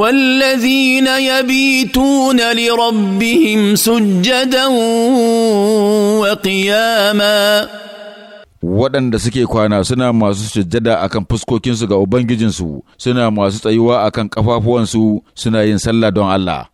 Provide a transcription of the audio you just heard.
والذين يبيتون لربهم سجدا وقياما waɗanda suke kwana suna masu sujjada akan fuskokinsu ga Ubangijinsu suna masu tsayuwa akan ƙafafuwansu suna yin sallah don Allah.